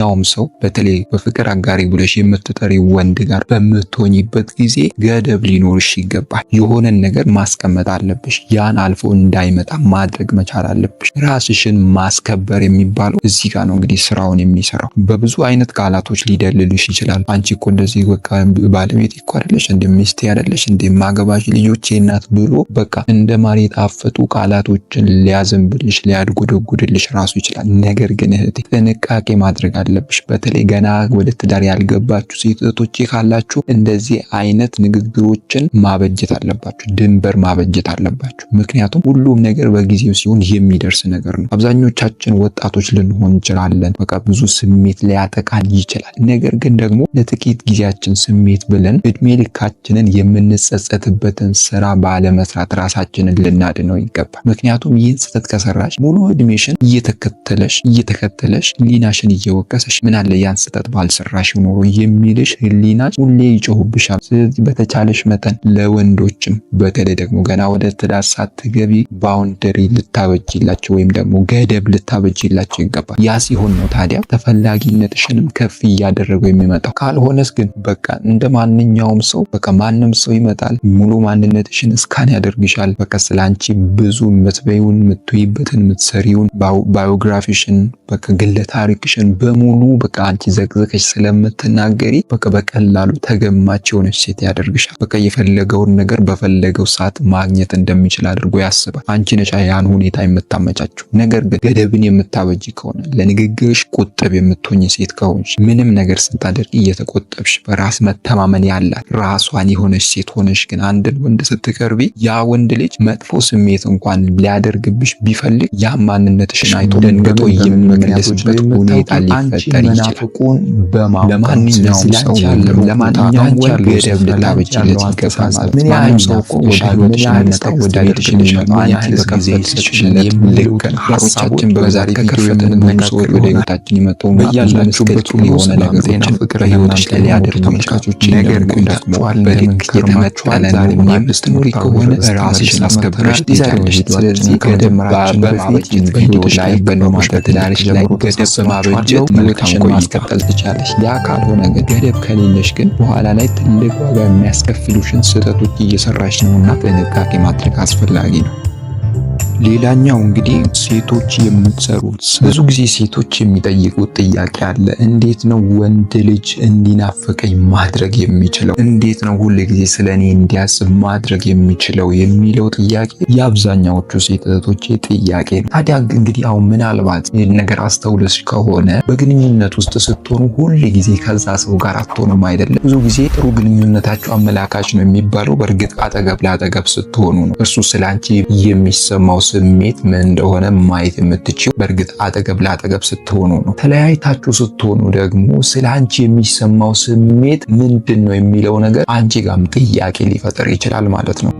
ያውም ሰው በተለይ በፍቅር አጋሪ ብለሽ የምትጠሪ ወንድ ጋር በምትሆኝበት ጊዜ ገደብ ሊኖርሽ ይገባል። የሆነን ነገር ማስቀመጥ አለብሽ። ያን አልፎ እንዳይመጣ ማድረግ መቻል አለብሽ። ራስሽን ማስከበር የሚባለው እዚህ ጋር ነው። እንግዲህ ስራውን የሚሰራው በብዙ አይነት ቃላቶች ሊደልልሽ ይችላል። አንቺ እኮ እንደዚህ በቃ ባለቤት እኮ አይደለሽ እንደ ሚስቴ አይደለሽ እንደ ማገባሽ ልጆቼ እናት ብሎ በቃ እንደ ማር የጣፈጡ ቃላቶችን ሊያዘንብልሽ ሊያድጎደጉድልሽ ራሱ ይችላል። ነገር ግን እህቴ ጥንቃቄ ማድረግ አለ አለብሽ። በተለይ ገና ወደ ትዳር ያልገባችሁ ሴት እህቶቼ ካላችሁ እንደዚህ አይነት ንግግሮችን ማበጀት አለባችሁ፣ ድንበር ማበጀት አለባችሁ። ምክንያቱም ሁሉም ነገር በጊዜው ሲሆን የሚደርስ ነገር ነው። አብዛኞቻችን ወጣቶች ልንሆን እንችላለን። በቃ ብዙ ስሜት ሊያጠቃን ይችላል። ነገር ግን ደግሞ ለጥቂት ጊዜያችን ስሜት ብለን እድሜ ልካችንን የምንጸጸትበትን ስራ ባለመስራት ራሳችንን ልናድነው ይገባል። ምክንያቱም ይህን ስህተት ከሰራሽ ሙሉ እድሜሽን እየተከተለሽ እየተከተለሽ ሊናሽን እየወቀ ደረሰሽ፣ ምን አለ ያን ስህተት ባልሰራሽ ኖሮ የሚልሽ ህሊናሽ ሁሌ ይጮሁብሻል። ስለዚህ በተቻለሽ መጠን ለወንዶ ሴቶችም በተለይ ደግሞ ገና ወደ ትዳር ሳትገቢ ባውንደሪ ልታበጅላቸው ወይም ደግሞ ገደብ ልታበጅላቸው ይገባል። ያ ሲሆን ነው ታዲያ ተፈላጊነትሽንም ከፍ እያደረገው የሚመጣው። ካልሆነስ ግን በቃ እንደ ማንኛውም ሰው በቃ ማንም ሰው ይመጣል፣ ሙሉ ማንነትሽን እስካን ያደርግሻል። በቃ ስለ አንቺ ብዙ የምትበይውን የምትይበትን የምትሰሪውን ባዮግራፊሽን በቃ ግለ ታሪክሽን በሙሉ በቃ አንቺ ዘቅዘቀሽ ስለምትናገሪ በቃ በቀላሉ ተገማች የሆነች ሴት ያደርግሻል። በቃ የፈለገውን ነገር በፈለገው ሰዓት ማግኘት እንደሚችል አድርጎ ያስባል። አንቺ ነሻ ያን ሁኔታ የምታመቻቸው። ነገር ግን ገደብን የምታበጂ ከሆነ ለንግግርሽ ቁጥብ የምትሆኝ ሴት ከሆንሽ ምንም ነገር ስታደርግ እየተቆጠብሽ በራስ መተማመን ያላት ራሷን የሆነች ሴት ሆነሽ ግን አንድን ወንድ ስትቀርቢ ያ ወንድ ልጅ መጥፎ ስሜት እንኳን ሊያደርግብሽ ቢፈልግ ያ ማንነትሽን አይቶ ደንግጦ የሚመለስበት ሁኔታ ሊፈጠር ይችላል። በማለማንኛውም ሰው ለማንኛውም ገደብ ልታበጅለት ይገባል ማለት ሰው እኮ ወደ ህይወትሽ ወደ ቤትሽ የሚመጣ አንቺ በከፈትሽ ልክ ሀሳቦችን በዛሬ ከከፈተን ብዙ ሰዎች ወደ ህይወታችን ይመጣው በያላችሁበት ሁሉ የሆነ ነገሮችን ፍቅር ህይወትሽ ላይ ሊያደርግ ተመልካቾች፣ ነገር ግን ደግሞ በልክ የተመጠለ ሆና ስትኖሪ ከሆነ ራስሽን አስከብረሽ ትይዛለሽ። ስለዚህ ገደብ በማበጀት በህይወት ላይ በኖማሽ በትዳርሽ ላይ ገደብ በማበጀት ህይወትሽን ማስቀጠል ትቻለሽ። ያ ካልሆነ ግን ገደብ ከሌለሽ ግን በኋላ ላይ ትልቅ ዋጋ የሚያስከፍሉሽን ስህተቶች እየሰ ሰራሽ ነውና ጥንቃቄ ማድረግ አስፈላጊ ነው። ሌላኛው እንግዲህ ሴቶች የምትሰሩት ብዙ ጊዜ ሴቶች የሚጠይቁት ጥያቄ አለ። እንዴት ነው ወንድ ልጅ እንዲናፍቀኝ ማድረግ የሚችለው? እንዴት ነው ሁል ጊዜ ስለ እኔ እንዲያስብ ማድረግ የሚችለው የሚለው ጥያቄ የአብዛኛዎቹ ሴት እህቶቼ ጥያቄ ነው። ታዲያ እንግዲህ አሁን ምናልባት ይህን ነገር አስተውለሽ ከሆነ በግንኙነት ውስጥ ስትሆኑ ሁል ጊዜ ከዛ ሰው ጋር አትሆኑም አይደለም። ብዙ ጊዜ ጥሩ ግንኙነታቸው አመላካች ነው የሚባለው በእርግጥ አጠገብ ለአጠገብ ስትሆኑ ነው እርሱ ስለ አንቺ የሚሰማው ስሜት ምን እንደሆነ ማየት የምትችው በእርግጥ አጠገብ ለአጠገብ ስትሆኑ ነው። ተለያይታችሁ ስትሆኑ ደግሞ ስለ አንቺ የሚሰማው ስሜት ምንድን ነው የሚለው ነገር አንቺ ጋም ጥያቄ ሊፈጠር ይችላል ማለት ነው።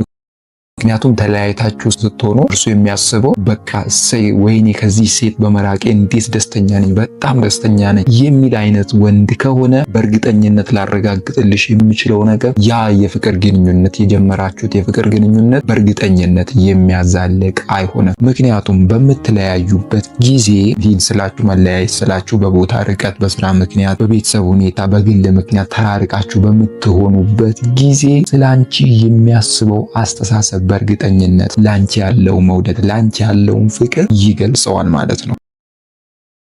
ምክንያቱም ተለያይታችሁ ስትሆኑ እርሱ የሚያስበው በቃ እሰይ ወይኔ ከዚህ ሴት በመራቄ እንዴት ደስተኛ ነኝ፣ በጣም ደስተኛ ነኝ የሚል አይነት ወንድ ከሆነ በእርግጠኝነት ላረጋግጥልሽ የሚችለው ነገር ያ የፍቅር ግንኙነት የጀመራችሁት የፍቅር ግንኙነት በእርግጠኝነት የሚያዛልቅ አይሆንም። ምክንያቱም በምትለያዩበት ጊዜ ሂድ ስላችሁ መለያየት ስላችሁ በቦታ ርቀት፣ በስራ ምክንያት፣ በቤተሰብ ሁኔታ፣ በግል ምክንያት ተራርቃችሁ በምትሆኑበት ጊዜ ስላንቺ የሚያስበው አስተሳሰብ በእርግጠኝነት ላንቺ ያለው መውደድ ላንቺ ያለውን ፍቅር ይገልጸዋል ማለት ነው።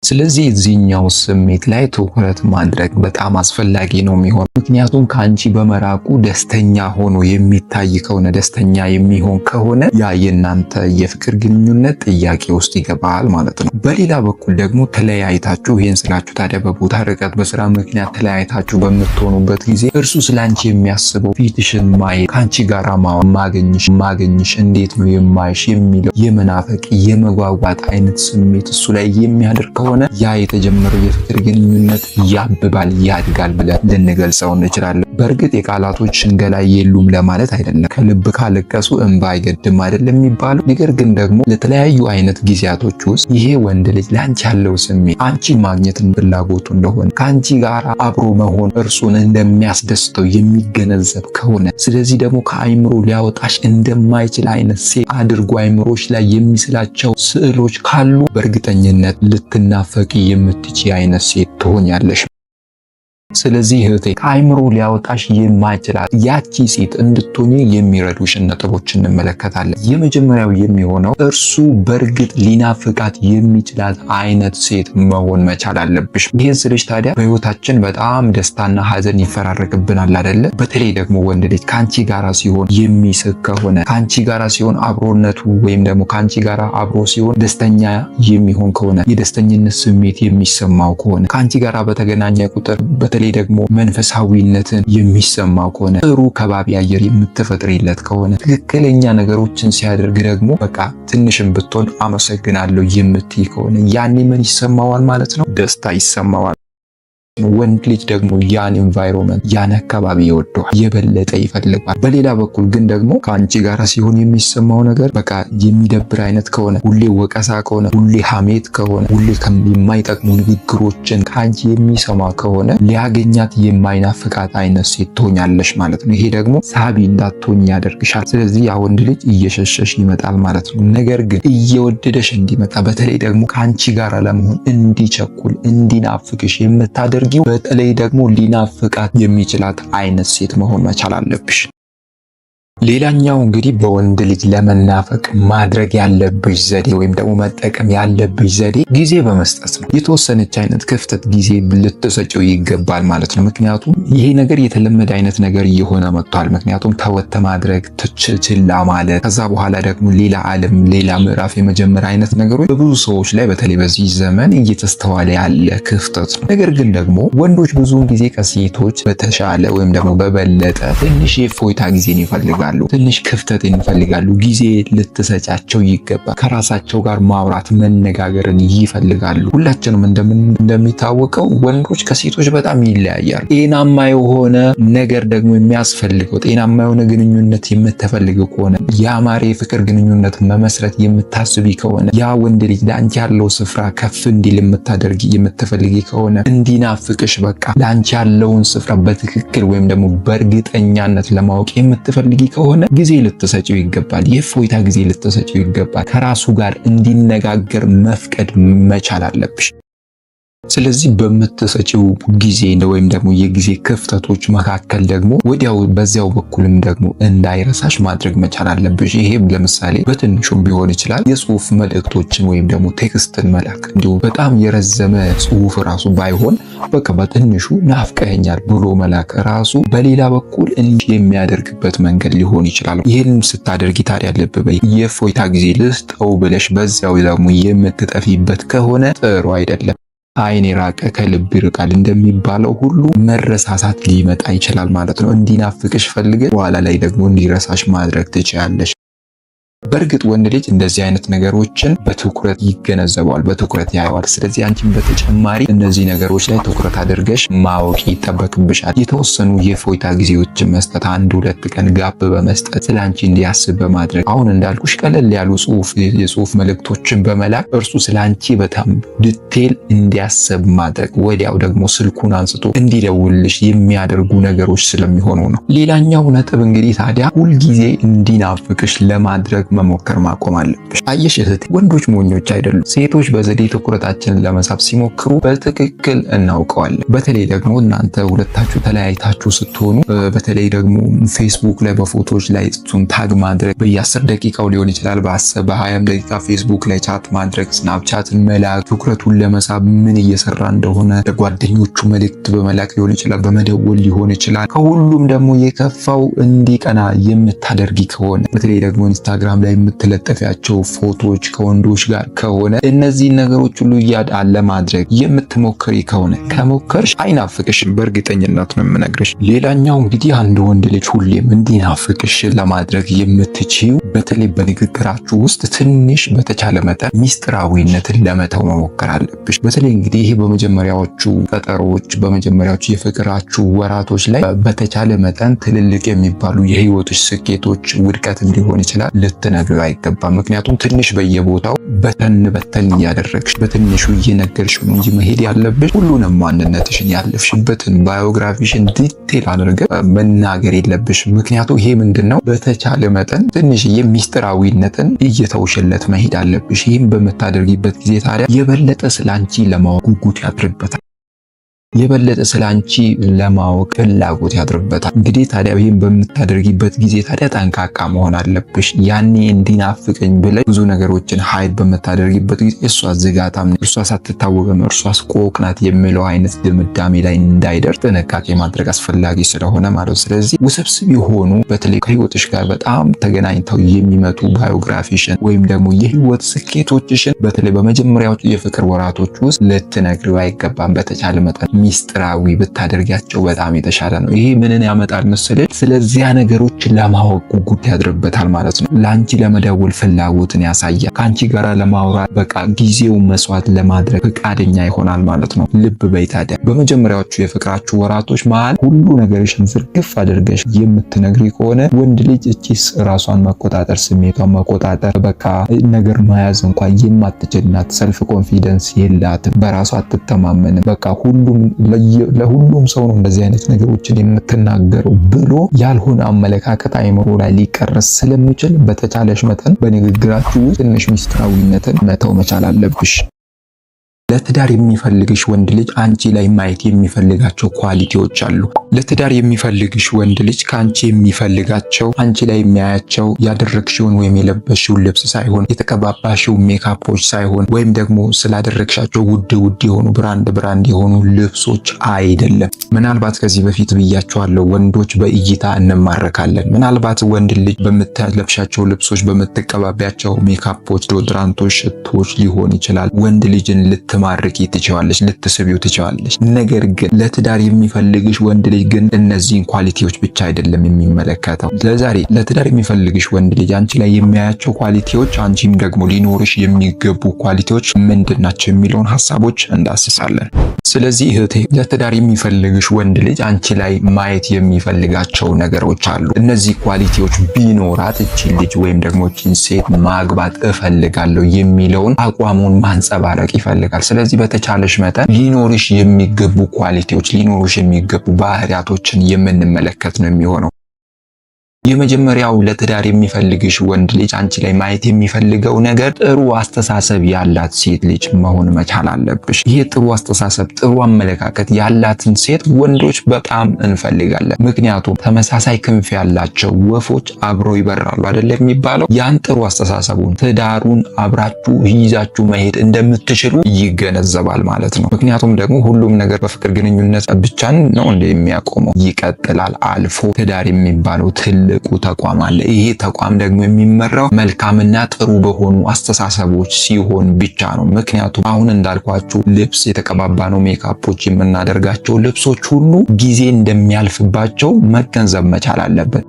ስለዚህ እዚህኛው ስሜት ላይ ትኩረት ማድረግ በጣም አስፈላጊ ነው የሚሆን ምክንያቱም ከአንቺ በመራቁ ደስተኛ ሆኖ የሚታይ ከሆነ ደስተኛ የሚሆን ከሆነ ያ የእናንተ የፍቅር ግንኙነት ጥያቄ ውስጥ ይገባል ማለት ነው። በሌላ በኩል ደግሞ ተለያይታችሁ ይህን ስላችሁ ታዲያ በቦታ ርቀት፣ በስራ ምክንያት ተለያይታችሁ በምትሆኑበት ጊዜ እርሱ ስለ አንቺ የሚያስበው ፊትሽን ማየት ከአንቺ ጋር ማገኝሽ ማገኝሽ እንዴት ነው የማይሽ የሚለው የመናፈቅ የመጓጓት አይነት ስሜት እሱ ላይ የሚያደርግ ከሆነ ስለሆነ ያ የተጀመረው የፍቅር ግንኙነት ያብባል፣ ያድጋል ብለን ልንገልጸው እንችላለን። በእርግጥ የቃላቶች ሽንገላ የሉም ለማለት አይደለም። ከልብ ካለቀሱ እንባ አይገድም አይደለም የሚባለው ነገር ግን ደግሞ ለተለያዩ አይነት ጊዜያቶች ውስጥ ይሄ ወንድ ልጅ ለአንቺ ያለው ስሜት አንቺ ማግኘትን ፍላጎቱ እንደሆነ ከአንቺ ጋር አብሮ መሆን እርሱን እንደሚያስደስተው የሚገነዘብ ከሆነ ስለዚህ ደግሞ ከአይምሮ ሊያወጣሽ እንደማይችል አይነት ሴት አድርጎ አይምሮች ላይ የሚስላቸው ስዕሎች ካሉ በእርግጠኝነት ልትና ልትናፈቂ የምትች አይነት ሴት ትሆኛለሽ። ስለዚህ እህቴ ከአይምሮ ሊያወጣሽ የማይችላት ያቺ ሴት እንድትሆኚ የሚረዱሽ ነጥቦች እንመለከታለን። የመጀመሪያው የሚሆነው እርሱ በእርግጥ ሊናፍቃት የሚችላት አይነት ሴት መሆን መቻል አለብሽ። ይህን ስልሽ ታዲያ በህይወታችን በጣም ደስታና ሀዘን ይፈራረቅብናል አደለ? በተለይ ደግሞ ወንድ ልጅ ከአንቺ ጋራ ሲሆን የሚስቅ ከሆነ ከአንቺ ጋራ ሲሆን አብሮነቱ ወይም ደግሞ ከአንቺ ጋራ አብሮ ሲሆን ደስተኛ የሚሆን ከሆነ የደስተኝነት ስሜት የሚሰማው ከሆነ ከአንቺ ጋራ በተገናኘ ቁጥር በተለይ በተለይ ደግሞ መንፈሳዊነትን የሚሰማው ከሆነ ጥሩ ከባቢ አየር የምትፈጥሪለት ከሆነ ትክክለኛ ነገሮችን ሲያደርግ ደግሞ በቃ ትንሽም ብትሆን አመሰግናለሁ የምትይ ከሆነ ያኔ ምን ይሰማዋል ማለት ነው? ደስታ ይሰማዋል። ወንድ ልጅ ደግሞ ያን ኢንቫይሮንመንት ያን አካባቢ ይወደዋል፣ የበለጠ ይፈልገዋል። በሌላ በኩል ግን ደግሞ ከአንቺ ጋር ሲሆን የሚሰማው ነገር በቃ የሚደብር አይነት ከሆነ ሁሌ ወቀሳ ከሆነ ሁሌ ሐሜት ከሆነ ሁሌ የማይጠቅሙ ንግግሮችን ከአንቺ የሚሰማ ከሆነ ሊያገኛት የማይናፍቃት አይነት ሴት ትሆኛለሽ ማለት ነው። ይሄ ደግሞ ሳቢ እንዳትሆኝ ያደርግሻል። ስለዚህ ያ ወንድ ልጅ እየሸሸሽ ይመጣል ማለት ነው። ነገር ግን እየወደደሽ እንዲመጣ በተለይ ደግሞ ከአንቺ ጋር ለመሆን እንዲቸኩል እንዲናፍቅሽ የምታደርግ የምታደርጊው በተለይ ደግሞ ሊናፍቃት የሚችላት አይነት ሴት መሆን መቻል አለብሽ። ሌላኛው እንግዲህ በወንድ ልጅ ለመናፈቅ ማድረግ ያለብሽ ዘዴ ወይም ደግሞ መጠቀም ያለብሽ ዘዴ ጊዜ በመስጠት ነው። የተወሰነች አይነት ክፍተት ጊዜ ልትሰጪው ይገባል ማለት ነው። ምክንያቱም ይሄ ነገር የተለመደ አይነት ነገር እየሆነ መጥቷል። ምክንያቱም ተወተ ማድረግ ትችችላ ማለት፣ ከዛ በኋላ ደግሞ ሌላ ዓለም ሌላ ምዕራፍ የመጀመር አይነት ነገሮች በብዙ ሰዎች ላይ በተለይ በዚህ ዘመን እየተስተዋለ ያለ ክፍተት ነው። ነገር ግን ደግሞ ወንዶች ብዙውን ጊዜ ከሴቶች በተሻለ ወይም ደግሞ በበለጠ ትንሽ የእፎይታ ጊዜን ይፈልጋል። ይፈልጋሉ፣ ትንሽ ክፍተትን ይፈልጋሉ፣ ጊዜ ልትሰጫቸው ይገባል። ከራሳቸው ጋር ማውራት መነጋገርን ይፈልጋሉ። ሁላችንም እንደሚታወቀው ወንዶች ከሴቶች በጣም ይለያያሉ። ጤናማ የሆነ ነገር ደግሞ የሚያስፈልገው ጤናማ የሆነ ግንኙነት የምትፈልገው ከሆነ ያማረ የፍቅር ግንኙነት መመስረት የምታስቢ ከሆነ ያ ወንድ ልጅ ለአንቺ ያለው ስፍራ ከፍ እንዲል የምታደርጊ የምትፈልጊ ከሆነ እንዲናፍቅሽ በቃ ለአንቺ ያለውን ስፍራ በትክክል ወይም ደግሞ በእርግጠኛነት ለማወቅ የምትፈልጊ ከሆነ ጊዜ ልትሰጪው ይገባል። የእፎይታ ጊዜ ልትሰጪው ይገባል። ከራሱ ጋር እንዲነጋገር መፍቀድ መቻል አለብሽ። ስለዚህ በምትሰጪው ጊዜ ወይም ደግሞ የጊዜ ክፍተቶች መካከል ደግሞ ወዲያው በዚያው በኩልም ደግሞ እንዳይረሳሽ ማድረግ መቻል አለብሽ። ይሄ ለምሳሌ በትንሹም ቢሆን ይችላል የጽሁፍ መልእክቶችን ወይም ደግሞ ቴክስትን መላክ፣ እንዲሁም በጣም የረዘመ ጽሁፍ ራሱ ባይሆን በቃ በትንሹ ናፍቀኛል ብሎ መላክ ራሱ በሌላ በኩል እንዲህ የሚያደርግበት መንገድ ሊሆን ይችላል። ይህን ስታደርጊ ታዲያ ልብ በይ የፎይታ ጊዜ ልስጠው ብለሽ በዚያው ደግሞ የምትጠፊበት ከሆነ ጥሩ አይደለም። ዓይን የራቀ ከልብ ይርቃል እንደሚባለው ሁሉ መረሳሳት ሊመጣ ይችላል ማለት ነው። እንዲናፍቅሽ ፈልገ በኋላ ላይ ደግሞ እንዲረሳሽ ማድረግ ትችያለሽ። በእርግጥ ወንድ ልጅ እንደዚህ አይነት ነገሮችን በትኩረት ይገነዘበዋል፣ በትኩረት ያየዋል። ስለዚህ አንቺም በተጨማሪ እነዚህ ነገሮች ላይ ትኩረት አድርገሽ ማወቅ ይጠበቅብሻል። የተወሰኑ የፎይታ ጊዜዎችን መስጠት፣ አንድ ሁለት ቀን ጋብ በመስጠት ስለ አንቺ እንዲያስብ በማድረግ አሁን እንዳልኩሽ ቀለል ያሉ ጽሁፍ የጽሁፍ መልእክቶችን በመላክ እርሱ ስለ አንቺ በጣም ድቴል እንዲያስብ ማድረግ፣ ወዲያው ደግሞ ስልኩን አንስቶ እንዲደውልሽ የሚያደርጉ ነገሮች ስለሚሆኑ ነው። ሌላኛው ነጥብ እንግዲህ ታዲያ ሁልጊዜ እንዲናፍቅሽ ለማድረግ መሞከር ማቆም አለብሽ። አየሽ እህት፣ ወንዶች ሞኞች አይደሉም። ሴቶች በዘዴ ትኩረታችንን ለመሳብ ሲሞክሩ በትክክል እናውቀዋለን። በተለይ ደግሞ እናንተ ሁለታችሁ ተለያይታችሁ ስትሆኑ፣ በተለይ ደግሞ ፌስቡክ ላይ በፎቶዎች ላይ እሱን ታግ ማድረግ በየአስር ደቂቃው ሊሆን ይችላል በሀያም ደቂቃ ፌስቡክ ላይ ቻት ማድረግ፣ ስናፕቻትን መላክ ትኩረቱን ለመሳብ ምን እየሰራ እንደሆነ ለጓደኞቹ መልእክት በመላክ ሊሆን ይችላል፣ በመደወል ሊሆን ይችላል። ከሁሉም ደግሞ የከፋው እንዲቀና የምታደርጊ ከሆነ በተለይ ደግሞ ኢንስታግራም ላይ የምትለጠፊያቸው ፎቶዎች ከወንዶች ጋር ከሆነ እነዚህ ነገሮች ሁሉ እያዳን ለማድረግ የምትሞክሪ ከሆነ ከሞከርሽ አይናፍቅሽም፣ በእርግጠኝነት ነው የምነግርሽ። ሌላኛው እንግዲህ አንድ ወንድ ልጅ ሁሌም እንዲናፍቅሽ ለማድረግ የምትችይው በተለይ በንግግራችሁ ውስጥ ትንሽ በተቻለ መጠን ሚስጥራዊነትን ለመተው መሞከር አለብሽ። በተለይ እንግዲህ ይሄ በመጀመሪያዎቹ ቀጠሮዎች፣ በመጀመሪያዎቹ የፍቅራችሁ ወራቶች ላይ በተቻለ መጠን ትልልቅ የሚባሉ የህይወቶች ስኬቶች ውድቀት ሊሆን ይችላል ልትነ ልትነግሪው አይገባም። ምክንያቱም ትንሽ በየቦታው በተን በተን እያደረግሽ በትንሹ እየነገርሽ ነው እንጂ መሄድ ያለብሽ ሁሉንም ማንነትሽን ያለፍሽበትን ባዮግራፊሽን ዲቴል አድርገ መናገር የለብሽ። ምክንያቱ ይሄ ምንድን ነው በተቻለ መጠን ትንሽ የሚስጥራዊነትን እየተውሽለት መሄድ አለብሽ። ይህም በምታደርጊበት ጊዜ ታዲያ የበለጠ ስለ አንቺ ለማወቅ ጉጉት ያድርበታል። የበለጠ ስለ አንቺ ለማወቅ ፍላጎት ያድርበታል። እንግዲህ ታዲያ ይህም በምታደርጊበት ጊዜ ታዲያ ጠንቃቃ መሆን አለብሽ። ያኔ እንዲናፍቀኝ ብለሽ ብዙ ነገሮችን ሀይድ በምታደርጊበት ጊዜ እሷ ዝጋታም፣ እሷ ሳትታወቅም፣ እርሷስ ቆቅ ናት የሚለው አይነት ድምዳሜ ላይ እንዳይደርስ ጥንቃቄ ማድረግ አስፈላጊ ስለሆነ ማለት ስለዚህ ውስብስብ የሆኑ በተለይ ከህይወትሽ ጋር በጣም ተገናኝተው የሚመጡ ባዮግራፊሽን ወይም ደግሞ የህይወት ስኬቶችሽን በተለይ በመጀመሪያዎቹ የፍቅር ወራቶች ውስጥ ልትነግሪው አይገባም በተቻለ መጠን ሚስጥራዊ ብታደርጋቸው በጣም የተሻለ ነው። ይሄ ምንን ያመጣል መሰለህ? ስለዚያ ነገሮች ለማወቅ ጉጉት ያድርበታል ማለት ነው። ለአንቺ ለመደወል ፍላጎትን ያሳያል። ከአንቺ ጋር ለማውራት በቃ ጊዜው መስዋዕት ለማድረግ ፈቃደኛ ይሆናል ማለት ነው። ልብ በይ ታዲያ በመጀመሪያዎቹ የፍቅራችሁ ወራቶች መሃል ሁሉ ነገርሽን ዝርግፍ አድርገሽ የምትነግሪ ከሆነ ወንድ ልጅ እቺስ ራሷን መቆጣጠር ስሜቷን መቆጣጠር በቃ ነገር መያዝ እንኳን የማትችልናት ሰልፍ ኮንፊደንስ የላትም። በራሷ አትተማመንም። በቃ ሁሉም ለሁሉም ሰው ነው እንደዚህ አይነት ነገሮችን የምትናገረው ብሎ ያልሆነ አመለካከት አይምሮ ላይ ሊቀረስ ስለሚችል በተቻለሽ መጠን በንግግራችሁ ትንሽ ሚስጥራዊነትን መተው መቻል አለብሽ። ለትዳር የሚፈልግሽ ወንድ ልጅ አንቺ ላይ ማየት የሚፈልጋቸው ኳሊቲዎች አሉ። ለትዳር የሚፈልግሽ ወንድ ልጅ ከአንቺ የሚፈልጋቸው አንቺ ላይ የሚያያቸው ያደረግሽውን ወይም የለበስሽውን ልብስ ሳይሆን የተቀባባሽው ሜካፖች ሳይሆን ወይም ደግሞ ስላደረግሻቸው ውድ ውድ የሆኑ ብራንድ ብራንድ የሆኑ ልብሶች አይደለም። ምናልባት ከዚህ በፊት ብያቸዋለሁ፣ ወንዶች በእይታ እንማረካለን። ምናልባት ወንድ ልጅ በምትለብሻቸው ልብሶች፣ በምትቀባቢያቸው ሜካፖች፣ ዶድራንቶች፣ ሽቶች ሊሆን ይችላል ወንድ ልጅን ልት ልትማርኪ ትችዋለች፣ ልትስቢው ትችዋለች። ነገር ግን ለትዳር የሚፈልግሽ ወንድ ልጅ ግን እነዚህን ኳሊቲዎች ብቻ አይደለም የሚመለከተው። ለዛሬ ለትዳር የሚፈልግሽ ወንድ ልጅ አንቺ ላይ የሚያያቸው ኳሊቲዎች፣ አንቺም ደግሞ ሊኖርሽ የሚገቡ ኳሊቲዎች ምንድን ናቸው የሚለውን ሀሳቦች እንዳስሳለን። ስለዚህ እህቴ ለትዳር የሚፈልግሽ ወንድ ልጅ አንቺ ላይ ማየት የሚፈልጋቸው ነገሮች አሉ። እነዚህ ኳሊቲዎች ቢኖራት እችን ልጅ ወይም ደግሞ እችን ሴት ማግባት እፈልጋለሁ የሚለውን አቋሙን ማንጸባረቅ ይፈልጋል። ስለዚህ በተቻለሽ መጠን ሊኖርሽ የሚገቡ ኳሊቲዎች ሊኖርሽ የሚገቡ ባህሪያቶችን የምንመለከት ነው የሚሆነው። የመጀመሪያው ለትዳር የሚፈልግሽ ወንድ ልጅ አንቺ ላይ ማየት የሚፈልገው ነገር ጥሩ አስተሳሰብ ያላት ሴት ልጅ መሆን መቻል አለብሽ። ይሄ ጥሩ አስተሳሰብ፣ ጥሩ አመለካከት ያላትን ሴት ወንዶች በጣም እንፈልጋለን። ምክንያቱም ተመሳሳይ ክንፍ ያላቸው ወፎች አብረው ይበራሉ አይደለ የሚባለው። ያን ጥሩ አስተሳሰቡን ትዳሩን አብራችሁ ይዛችሁ መሄድ እንደምትችሉ ይገነዘባል ማለት ነው። ምክንያቱም ደግሞ ሁሉም ነገር በፍቅር ግንኙነት ብቻን ነው እንደ የሚያቆመው፣ ይቀጥላል አልፎ ትዳር የሚባለው ትል ትልቁ ተቋም አለ። ይሄ ተቋም ደግሞ የሚመራው መልካምና ጥሩ በሆኑ አስተሳሰቦች ሲሆን ብቻ ነው። ምክንያቱም አሁን እንዳልኳችሁ ልብስ የተቀባባ ነው፣ ሜካፖች የምናደርጋቸው ልብሶች ሁሉ ጊዜ እንደሚያልፍባቸው መገንዘብ መቻል አለበት።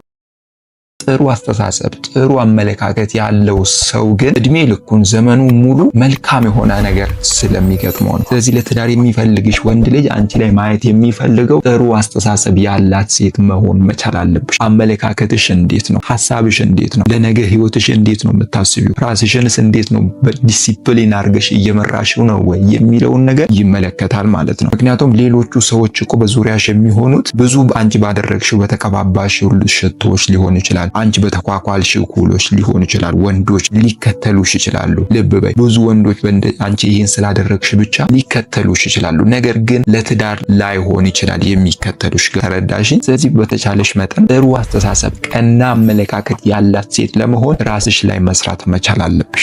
ጥሩ አስተሳሰብ፣ ጥሩ አመለካከት ያለው ሰው ግን እድሜ ልኩን ዘመኑ ሙሉ መልካም የሆነ ነገር ስለሚገጥመው ነው። ስለዚህ ለትዳር የሚፈልግሽ ወንድ ልጅ አንቺ ላይ ማየት የሚፈልገው ጥሩ አስተሳሰብ ያላት ሴት መሆን መቻል አለብሽ። አመለካከትሽ እንዴት ነው? ሀሳብሽ እንዴት ነው? ለነገ ህይወትሽ እንዴት ነው የምታስቢው? ራስሽንስ እንዴት ነው በዲሲፕሊን አድርገሽ እየመራሽው ነው ወይ የሚለውን ነገር ይመለከታል ማለት ነው። ምክንያቱም ሌሎቹ ሰዎች እኮ በዙሪያሽ የሚሆኑት ብዙ አንቺ ባደረግሽው በተቀባባሽ ሽቶዎች ሊሆን ይችላል አንቺ በተኳኳልሽው ኩሎች ሊሆን ይችላል፣ ወንዶች ሊከተሉሽ ይችላሉ። ልብ በይ ብዙ ወንዶች አንቺ ይህን ስላደረግሽ ብቻ ሊከተሉሽ ይችላሉ። ነገር ግን ለትዳር ላይሆን ይችላል የሚከተሉሽ። ተረዳሽኝ? ስለዚህ በተቻለሽ መጠን ጥሩ አስተሳሰብ፣ ቀና አመለካከት ያላት ሴት ለመሆን ራስሽ ላይ መስራት መቻል አለብሽ።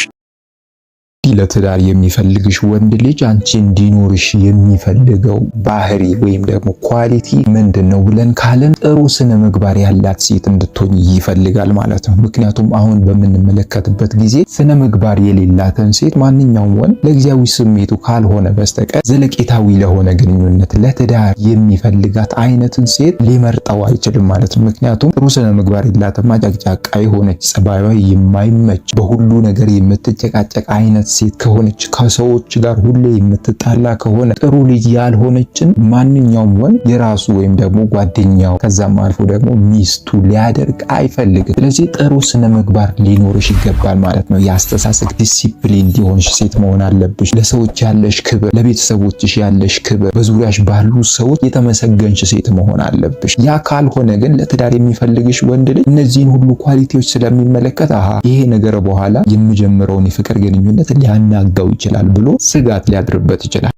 ለትዳር የሚፈልግሽ ወንድ ልጅ አንቺ እንዲኖርሽ የሚፈልገው ባህሪ ወይም ደግሞ ኳሊቲ ምንድን ነው ብለን ካለን ጥሩ ስነ ምግባር ያላት ሴት እንድትሆኝ ይፈልጋል ማለት ነው። ምክንያቱም አሁን በምንመለከትበት ጊዜ ስነ ምግባር የሌላትን ሴት ማንኛውም ወንድ ለጊዜያዊ ስሜቱ ካልሆነ በስተቀር ዘለቄታዊ ለሆነ ግንኙነት ለትዳር የሚፈልጋት አይነትን ሴት ሊመርጠው አይችልም ማለት ነው። ምክንያቱም ጥሩ ስነ ምግባር የላትማ ጨቅጫቃ የሆነች ጸባዩ የማይመች በሁሉ ነገር የምትጨቃጨቅ አይነት ሴት ከሆነች ከሰዎች ጋር ሁሌ የምትጣላ ከሆነ ጥሩ ልጅ ያልሆነችን ማንኛውም ወንድ የራሱ ወይም ደግሞ ጓደኛው ከዛም አልፎ ደግሞ ሚስቱ ሊያደርግ አይፈልግም። ስለዚህ ጥሩ ስነ ምግባር ሊኖርሽ ይገባል ማለት ነው። የአስተሳሰብ ዲሲፕሊን ሊሆንሽ ሴት መሆን አለብሽ። ለሰዎች ያለሽ ክብር፣ ለቤተሰቦችሽ ያለሽ ክብር፣ በዙሪያሽ ባሉ ሰዎች የተመሰገንሽ ሴት መሆን አለብሽ። ያ ካልሆነ ግን ለትዳር የሚፈልግሽ ወንድ ልጅ እነዚህን ሁሉ ኳሊቲዎች ስለሚመለከት አሃ ይሄ ነገር በኋላ የምጀምረውን የፍቅር ግንኙነት ሊያናጋው ይችላል ብሎ ስጋት ሊያድርበት ይችላል።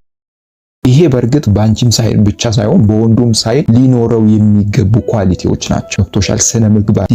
ይሄ በእርግጥ በአንቺም ሳይድ ብቻ ሳይሆን በወንዱም ሳይድ ሊኖረው የሚገቡ ኳሊቲዎች ናቸው። ቶሻል ስነ ምግባር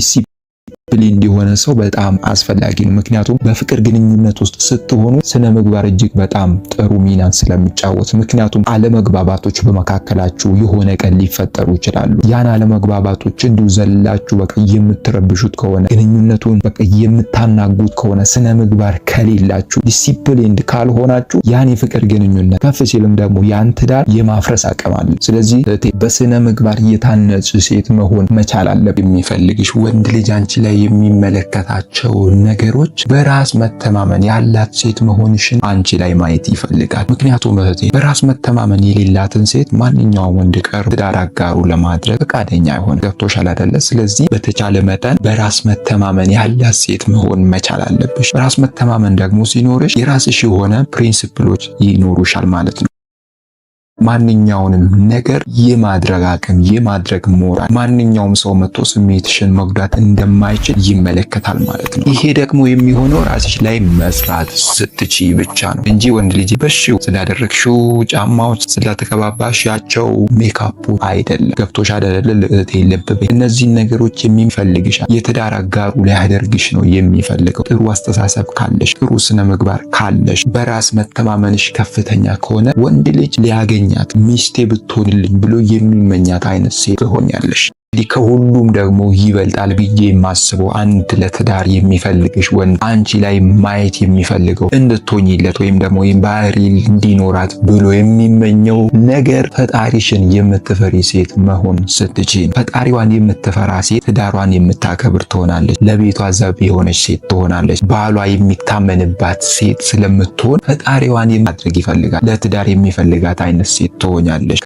ዲሲፕሊን እንዲሆነ ሰው በጣም አስፈላጊ ነው። ምክንያቱም በፍቅር ግንኙነት ውስጥ ስትሆኑ ስነ ምግባር እጅግ በጣም ጥሩ ሚናን ስለሚጫወት፣ ምክንያቱም አለመግባባቶች በመካከላችሁ የሆነ ቀን ሊፈጠሩ ይችላሉ። ያን አለመግባባቶች እንዲሁ ዘላችሁ በቃ የምትረብሹት ከሆነ ግንኙነቱን በቃ የምታናጉት ከሆነ ስነ ምግባር ከሌላችሁ፣ ዲሲፕሊንድ ካልሆናችሁ ያን የፍቅር ግንኙነት ከፍ ሲልም ደግሞ ያን ትዳር የማፍረስ አቅም አለ። ስለዚህ በስነ ምግባር የታነጽ ሴት መሆን መቻል አለብ የሚፈልግሽ ወንድ ልጅ አንቺ ላይ የሚመለከታቸው ነገሮች በራስ መተማመን ያላት ሴት መሆንሽን አንቺ ላይ ማየት ይፈልጋል። ምክንያቱም እህቴ በራስ መተማመን የሌላትን ሴት ማንኛውም ወንድ ቀር ትዳር አጋሩ ለማድረግ ፈቃደኛ አይሆንም። ገብቶሻል አይደለ? ስለዚህ በተቻለ መጠን በራስ መተማመን ያላት ሴት መሆን መቻል አለብሽ። በራስ መተማመን ደግሞ ሲኖርሽ የራስሽ የሆነ ፕሪንስፕሎች ይኖሩሻል ማለት ነው። ማንኛውንም ነገር የማድረግ አቅም የማድረግ ሞራል ማንኛውም ሰው መጥቶ ስሜትሽን መጉዳት እንደማይችል ይመለከታል ማለት ነው። ይሄ ደግሞ የሚሆነው ራስሽ ላይ መስራት ስትቺ ብቻ ነው እንጂ ወንድ ልጅ በሺው ስላደረግሽው ጫማዎች፣ ስለተከባባሻቸው ሜካፑ አይደለም። ገብቶሽ አደለ? ልእት የለብብ እነዚህን ነገሮች የሚፈልግሻል። የትዳር አጋሩ ሊያደርግሽ ነው የሚፈልገው። ጥሩ አስተሳሰብ ካለሽ፣ ጥሩ ስነ ምግባር ካለሽ፣ በራስ መተማመንሽ ከፍተኛ ከሆነ ወንድ ልጅ ሊያገኝ የሚመኛት ሚስቴ ብትሆንልኝ ብሎ የሚመኛት አይነት ሴት ትሆኛለሽ። እንግዲህ ከሁሉም ደግሞ ይበልጣል ብዬ የማስበው አንድ ለትዳር የሚፈልግሽ ወንድ አንቺ ላይ ማየት የሚፈልገው እንድትሆኝለት ወይም ደግሞ ባህሪ እንዲኖራት ብሎ የሚመኘው ነገር ፈጣሪሽን የምትፈሪ ሴት መሆን ስትችን ፈጣሪዋን የምትፈራ ሴት ትዳሯን የምታከብር ትሆናለች። ለቤቷ ዘብ የሆነች ሴት ትሆናለች። ባሏ የሚታመንባት ሴት ስለምትሆን ፈጣሪዋን የማድረግ ይፈልጋል። ለትዳር የሚፈልጋት አይነት ሴት ትሆኛለች።